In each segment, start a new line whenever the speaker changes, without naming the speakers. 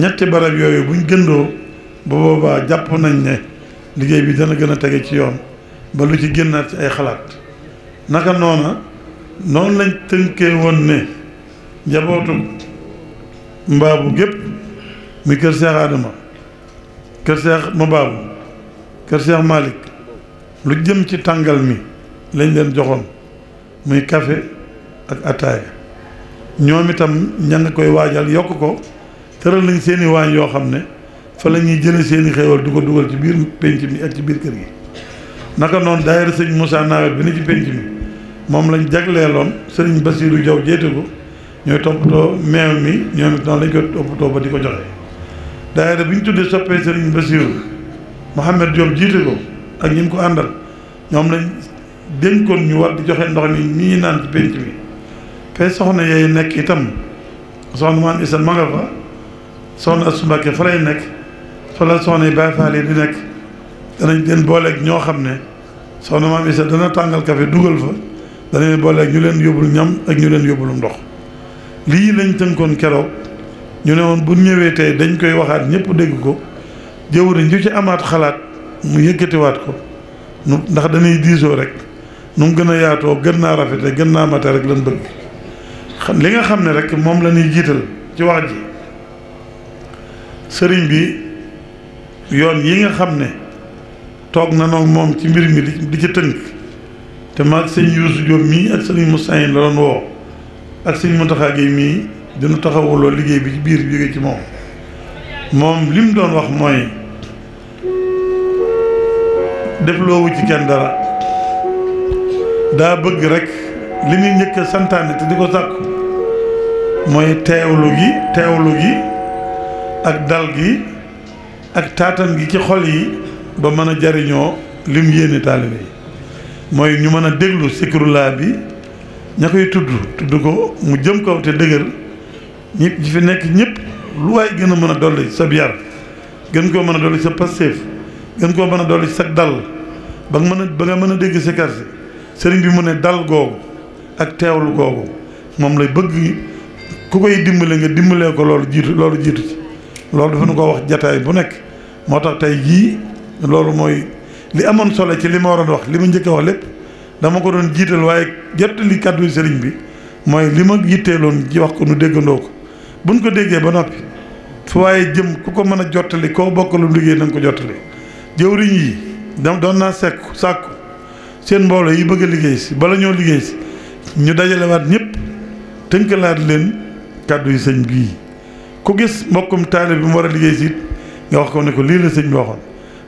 ñetti barab yooyu buñ gëndoo ba boobaa jàpp nañ ne liggéey bi dana gën a tege ci yoon ba lu ci génnaat ci ay xalaat naka noona noonu lañ tënkee woon ne njabootu mbaabu gépp muy kër Cheikh Adama kër Cheikh Mabaabu kër Cheikh Malick lu jëm ci tàngal mi lañ leen joxoon muy café ak ataaya ñoom itam ña nga koy waajal yokk ko tëral nañ seeni i waañ yoo xam ne fa la ñuy jële seen i xéewal du ko dugal ci biir pénc mi ak ci biir kër gi naka noonu daayira sëñ Moussa Nawel bi ne ci penc mi moom lañ jagleeloon sëriñ Basiiru Jaw jéete ko ñooy toppatoo meew mi ñoom it noonu lañ ko toppatoo ba di ko joxe daayira bi ñu tuddee soppee sëriñ Basiiru Mouhamed Diop jiite ko ak ñi ko àndal ñoom lañ dénkoon ñu war di joxe ndox mi ñi naan ci penc mi fee soxna yooyu nekk itam soxna maam Isa ma soxna ak Mbacké fa lay nekk fa la soxna Baye Fall yi di nekk danañ leen booleeg ñoo xam ne soxna maam Issa dana tàngal café dugal fa danañ booleeg ñu leen yóbbul ñam ak ñu leen yóbbulum ndox lii lañ tënkoon keroog ñu ne woon bu ñëwee tey dañ koy waxaat ñëpp dégg ko jëwriñ ju ci amaat xalaat mu yëkkatiwaat ko nu ndax dañuy diisoo rek nu mu gën a yaatoo gën naa rafete gën naa mate rek lan bëgg li nga xam ne rek moom la ñuy jiital ci wax ji sëriñ bi yoon yi nga xam ne toog na noog moom ci mbir mi di ci tënk te maag sëñ Yuusu Jóob mii ak sëriñ Moussa yi la doon woo ak sëñ Mountakha Guèye mii dina taxawuloo liggéey bi ci biir bi jóge ci moom moom li doon wax mooy def loowu ci kenn dara daa bëgg rekk li muy njëkk santaane te di ko sàkku mooy teewlu gi teewlu gi ak dal gi ak tatan gi ci xol yi ba mën jariño lim yene talibé moy ñu mën déglu sikrullah bi ñakay tudd tudd ko mu jëm ko te ñepp ji fi nek ñepp lu way gëna a dolli sa yar gën ko dolli sa pastéef gën ko dolli sa dal ba nga mën ba nga mën dégg sëriñ bi mu ne dal gog ak tewlu gog mom lay bëgg ku koy dimbalé nga dimbalé ko lolu jiitu lolu ci loolu dafa nu ko wax jataay bu nekk moo tax tey jii loolu mooy li amoon solo ci li ma waroon wax li ma njëkk a wax lépp dama ko doon jiital waaye jot li kàddu sëriñ bi mooy li ma yitteeloon ji wax ko nu déggandoo ko buñ ko déggee ba noppi fu waaye jëm ku ko mën a jottali koo bokkalum liggéey na nga ko jottali jëwriñ yi dam doon naa sekku sàkku seen mbooloo yi bëgg a liggéey si bala ñoo liggéey si ñu dajalewaat ñëpp tënkalaat leen kàddu yi sëñ bii ku gis mbokkum taalib bi mu war a liggéey siit nga wax ko ne ko lii la sëñ bi waxoon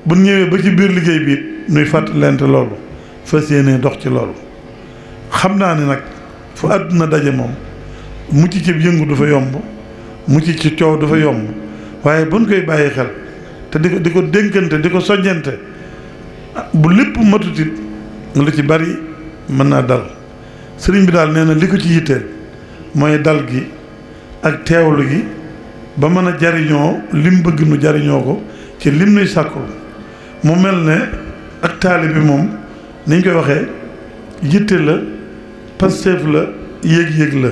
bu ñëwee ba ci biir liggéey bi nuy fàttalente loolu fas yéene dox ci loolu xam naa ne nag fu àdduna daje moom mucc ci yëngu du fa yomb mucc ci coow du fa yomb waaye buñ koy bàyyi xel te di ko di ko dénkante di ko soññante bu lépp matutit lu ci bari mën naa dal sëriñ bi daal nee na li ko ci yitteel mooy dal gi ak teewlu gi ba mën a jariñoo lim bëgg nu jariñoo ko ci lim nuy sàkkul mu mel ne ak taali bi moom niñ koy waxee yitte la pasteef la yéeg-yéeg la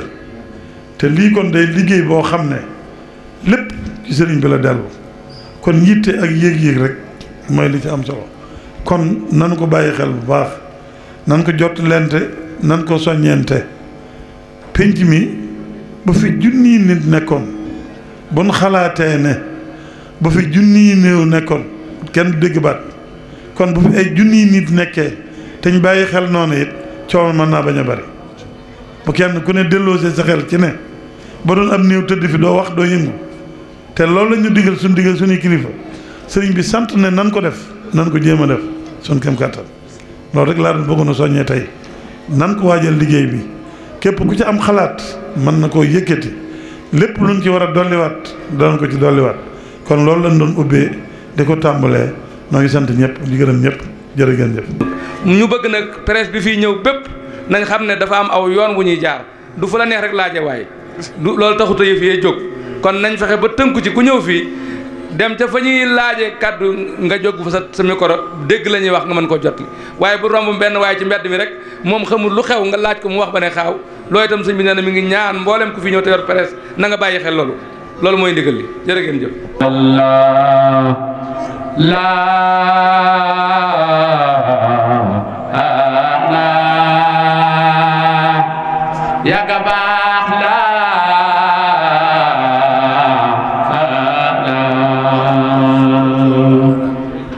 te lii kon day liggéey boo xam ne lépp ci sëriñ bi la dellu kon yitte ak yéeg-yéeg rek mooy li ci am solo kon nanu ko bàyyi xel bu baax nan ko jot lente nan ko soññente pénc mi ba fi junni nit nekkoon buñ xalaatee ne bu fi yi néew nekkoon kenn du dégg baat kon bu fi ay junniy nit nekkee te bàyyi xel noonu it coow mën naa bañ a bari bu kenn ku ne delloosee sa xel ci ne ba doon am néew tëdd fi doo wax doo yëngu te loolu la ñu digal suñu digal suñuy kilifa sëriñ bi sant ne nan ko def nan ko jéem a def suñ kem kàttan loolu rek laa doon bëggoon a soññee tey nan ko waajal liggéey bi képp ku ci am xalaat mën na koo yëkkati. lépp lu luñ ci war a dolliwaat danañ ko ci dolliwaat kon loolu lañ doon ubbee di ko tàmbalee noo sant ñëpp di gërëm ñëpp jërë ngeen jëf.
ñu bëgg nag presse bi fii ñëw bépp nañ xam ne dafa am aw yoon wu ñuy jaar du fu la neex rek laaje waay du loolu taxut a yëf yee jóg kon nañ soxe ba tënku ci ku ñëw fii. dem ca fa ñuy laaje kaddu nga jóg fa sa mikoro micro lañuy la wax nga man ko jotli waye bu rombu ben waaye ci mbedd mi rek mom xamul lu xew nga laaj ko mu wax bané xaw xaaw itam bi mi ngi ñaan mbolem ku fi ñëw te presse na nga bayyi xel lolu lolu moy ndigal li jere ngeen jëf
Allah la ya gaba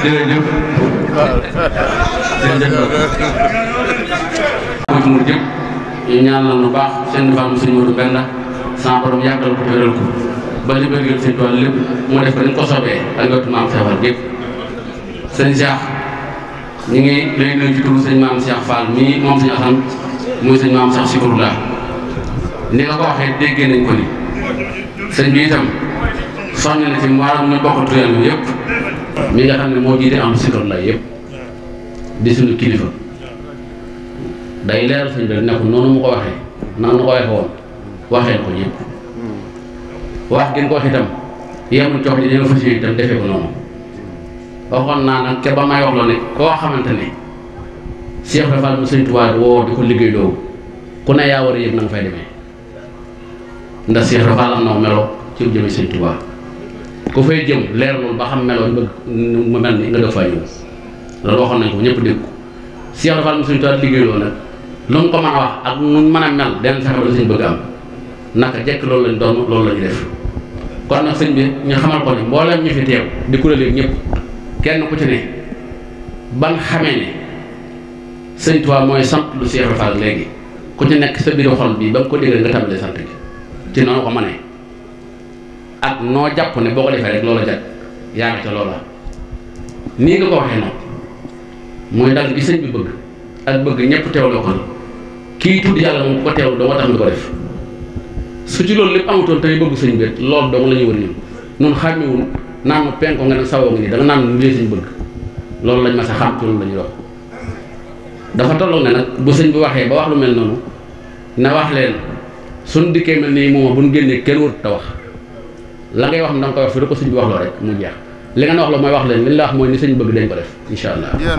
jërëjëf jërëjëf mur jëpp lu baax seen fam sëñ Modou Benda sama borom yàggal ko wéral ko ba li bëggal sëñ Tuubaa lépp mu def ko ni ko soobee ak wetu maam Cheikh Fall gépp sëñ Cheikh ñu ngi lay nuyu ci turu sëñ maam Cheikh Fall mii moom sëñ Assane muy sëñ maam Cheikh Sikurullah ni nga ko waxee déggee nañ ko ni sëñ bi itam soññ na ci maanaam ñu bokk tuyal bi yëpp mi nga xam ne moo jiite am sikar lay yëpp di suñu kilifa day leeral sëñ bi ne ko noonu mu ko waxee naan nu ko waxee woon waxee ko mm. ko wax itam yemul cox ji dina defee ko noonu waxoon naa nag ca ba may wax la ne koo xamante ne Cheikh Ibra Fall mu sëñ Tuubaa woo di ko liggéey doogu ku ne yaa war a yëg na fay demee ndax Cheikh Ibra Fall am ku fay jëm leerlul ba xam meloon ba mu mel ni nga def faa ñëw loolu waxoon nañ ko ñëpp dégg ko Cheikh Ibra Fall mu suñu taat liggéey loolu nag lu mu ko mën a wax ak nu mën a mel den saxe la suñ bëgg am naka jekk loolu lañ doon loolu la def kon nag sëñ bi ñu xamal ko ne mboolem ñu fi teew di kuréel ñëpp kenn ku ci ne xamee ne sëñ mooy sant lu Cheikh Ibra Fall léegi ku ci nekk sa biir xol bi ba nga ko déggee nga tàmbalee sant gi ci noonu ko mënee ak noo jàpp ne boo ko defee rek loola jag yaa ngi ca loola nii nga ko waxee noonu mooy dal bi sëñ bi bëgg ak bëgg ñëpp teewloo ko kii tudd yàlla moom ko teewlu def su ci loolu lépp amutoon tey bëgg sëñ la ñu wër ñun ñun xàmmewul penko nga ne sawoo nga naan lii bëgg loolu lañ ma sa xam ci wax dafa tolloog ne nag bu sëñ bi waxee ba wax lu mel noonu na wax leen suñ dikkee mel nii moom buñ génnee kenn warut a wax la ngay wax na nga koy wax fi la ko sëñ bi wax loo rek mu li nga wax la mooy wax leen li ñu la wax mooy ni sëñ bëgg dañ ko def incha